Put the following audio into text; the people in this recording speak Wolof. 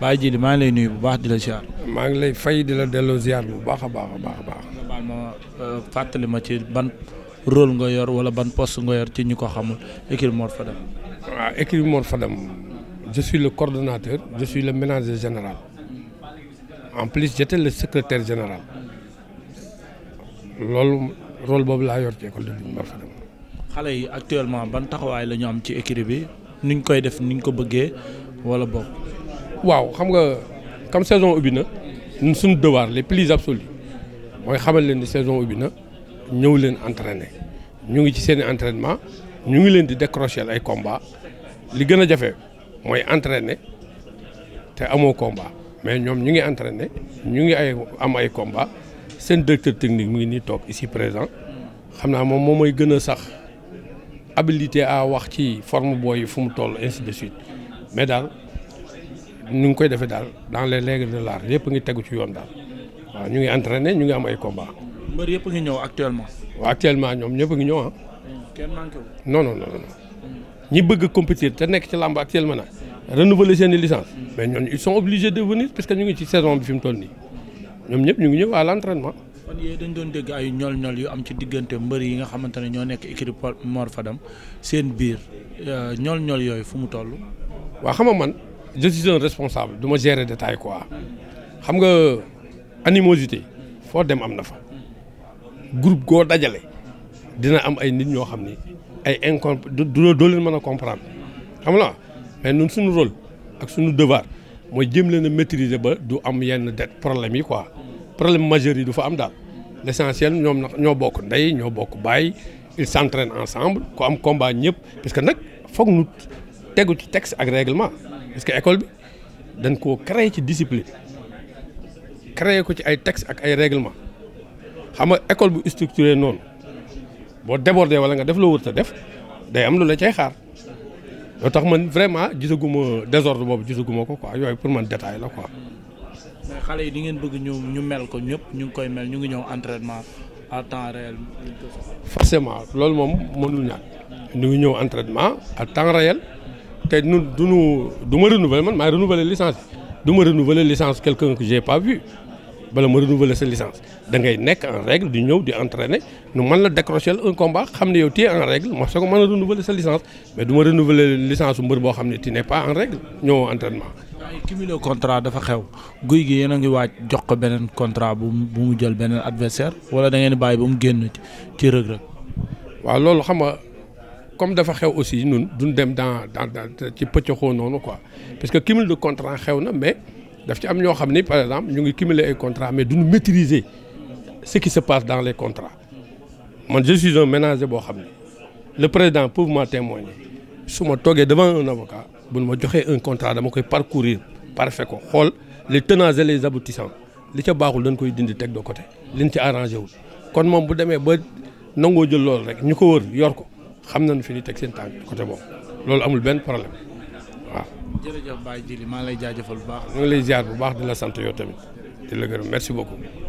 Baye Djily maa ngi lay nuyu bu baax di la ziar. maa ngi lay fay di la delloo ziar bu baax a baax a baax a baax. baal euh, fàttali ma ci ban rôle nga yor wala ban poste nga yor ci ñu ko xamul écurie Mor Fadam. waaw écurie Mor Fadam je suis général en plus j'étais le secretaire général loolu role boobu laa yor ci école de lutte Mor Fadam. xale yi actuellement ban taxawaay la am ci écurie bi niñ koy def niñ ko bëggee wala bokk. waaw xam nga comme saison ubbi na ñun suñu devoir les plus absolus mooy xamal leen ni saison ubbi na ñëw leen entraîner ñu ngi ci seen i entraînement ñu ngi leen di décrocher ay combat li gën a jafe mooy entraîner te amoo combat mais ñoom ñu ngi entraîner ñu ngi ay am ay combat seen directeur technique mu ngi nii toog ici présent xam naa moom moom mooy gën a sax habilité à wax ci form booy fu mu toll ainsi de suite mais daal. ñu ngi koy defee daal dans les règles de l'art yëpp ngi tegu ci yoon daal waaw ñu ngi entraîné ñu ngi am ay combat. mbër yëpp ngi ñëw actuellement. waaw actuellement ñoom ñëpp ngi ñëw ah. kenn manqué wu. non non non bëgg compétir te nekk ci làmb actuellement nag renouveler seen i licence mais ñooñu ils sont obligés de venir parce que ñu ngi ci saison bi fi mu toll ñëpp ñu ngi ñëw à l'entraînement. kon dañ doon dégg ay ñol-ñol yu am ci diggante mbër yi nga xamante ne ñoo nekk équipe Mor Fadam seen biir euh, ñol-ñol yooyu fu mu toll. waaw xam je suis responsable du ma gérer détail quoi xam nga animosité foo dem am na fa groupe goo dajale dina am ay nit ñoo xam ni ay incom du doo leen mën a comprendre xam la mais ñun suñu rôle ak sunu devoir mooy jëm leen a maîtriser ba du am yenn det problème yi quoi problème majeur yi du fa am daal l' essentiel ñoom nag ñoo bokk ndey ñoo bokk baay ils s'entraînent ensemble ku am combat ñëpp parce que nag foog ñu tegu ci texte ak réglement parce que école bi dañ koo créer ci discipline créer ko ci ay texte ak ay règlement xam nga école bu structuré noonu boo débordé wala nga def loo wër def day am lu la cay xaar loo tax man vraiment gisaguma désordre boobu gisaguma ko quoi yooyu pour man détail la quoi. mais xale yi di ngeen bëgg ñu ñu mel ko ñëpp ñu ngi koy mel ñu ngi ñëw entraînement à temps réel. forcément loolu moom mënul ñàkk ñu ngi ñëw entraînement ak temps réel. te ñun du ñu du ma man maay renouveler licence du ma licence quelqu'un que j'ai pas vu bala ma renouveler sa licence da ngay nekk en règle di ñëw di entraîner nu man la décrocher un combat xam ne yow téye en règle ma soo ko mën a renouveler sa licence mais du ma renouveler licence mbër boo xam ne tu ne pas en règle ñëw entraînement. waaye contra dafa xew guy gi yéen a ngi waaj jox ko beneen contrat bu mu jël beneen adversaire wala da ngeen di bàyyi mu génn ci rëg comme dafa xew aussi ñun duñ dem dans dans ci pëccëxoo noonu quoi parce que cumul de contrat xew na mais daf ci am ñoo xam ni par exemple ñu ngi cumuler ay contrat mais duñu maîtriser ce qui se passe dans les contrat man je suis un boo xam ne le président peut m'en témoigner su ma toogee devant un avocat bu nu ma joxee un contrat dama koy parcourir parfait ko xool les tenants les aboutissants li ca baaxul dañ koy dindi teg de côté liñ ci arrangé wul kon moom bu demee ba nangoo jël loolu rek ñu ko yor ko xam nañ fi ñu teg seen tànk côté boobu loolu amul benn problème waaw. jërëjëf Baye Djily maa ngi lay jaajëfal bu baax. maa ngi lay ziar bu baax di la sant yow tamit di la gërëm merci beaucoup.